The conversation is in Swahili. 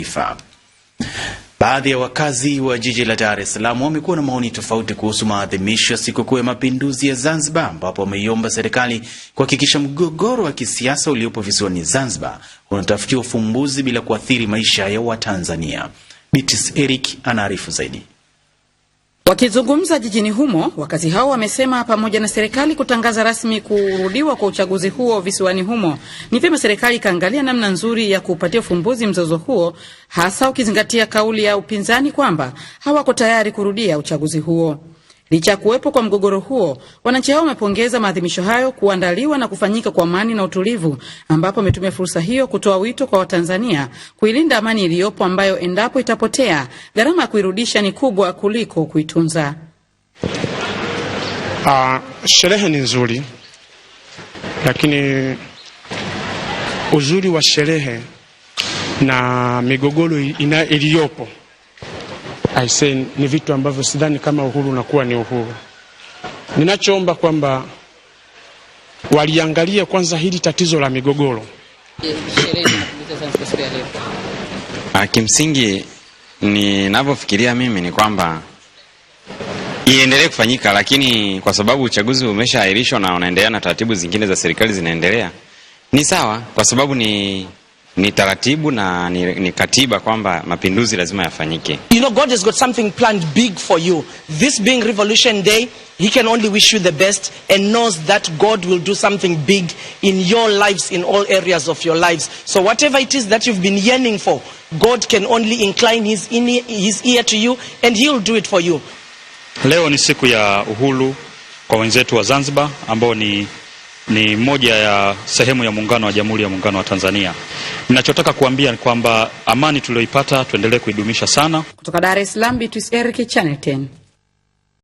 Taifa. Baadhi ya wakazi wa jiji la Dar es Salaam wamekuwa na maoni tofauti kuhusu maadhimisho ya sikukuu ya Mapinduzi ya Zanzibar, ambapo wameiomba serikali kuhakikisha mgogoro wa kisiasa uliopo visiwani Zanzibar unatafutiwa ufumbuzi bila kuathiri maisha ya Watanzania. Bitis Eric anaarifu zaidi. Wakizungumza jijini humo, wakazi hao wamesema pamoja na serikali kutangaza rasmi kurudiwa kwa uchaguzi huo visiwani humo, ni vyema serikali ikaangalia namna nzuri ya kuupatia ufumbuzi mzozo huo, hasa ukizingatia kauli ya upinzani kwamba hawako tayari kurudia uchaguzi huo. Licha ya kuwepo kwa mgogoro huo, wananchi hao wamepongeza maadhimisho hayo kuandaliwa na kufanyika kwa amani na utulivu, ambapo ametumia fursa hiyo kutoa wito kwa Watanzania kuilinda amani iliyopo, ambayo endapo itapotea, gharama ya kuirudisha ni kubwa kuliko kuitunza. Uh, sherehe ni nzuri, lakini uzuri wa sherehe na migogoro iliyopo say, ni vitu ambavyo sidhani kama uhuru unakuwa ni uhuru. Ninachoomba kwamba waliangalie kwanza hili tatizo la migogoro. Ah, kimsingi ninavyofikiria mimi ni kwamba iendelee kufanyika, lakini kwa sababu uchaguzi umeshaahirishwa na unaendelea na taratibu zingine za serikali zinaendelea, ni sawa, kwa sababu ni ni taratibu na ni, ni katiba kwamba mapinduzi lazima yafanyike. You know God has got something planned big for you. This being Revolution Day, he can only wish you the best and knows that God will do something big in your lives in all areas of your lives. So whatever it is that you've been yearning for, God can only incline his, in, his ear to you and he'll do it for you. Leo ni siku ya uhuru kwa wenzetu wa Zanzibar ambao ni ni moja ya sehemu ya muungano wa Jamhuri ya Muungano wa Tanzania. Ninachotaka kuambia ni kwamba amani tuliyoipata tuendelee kuidumisha sana. Kutoka Dar es Salaam, Bitrus Eric, Channel 10.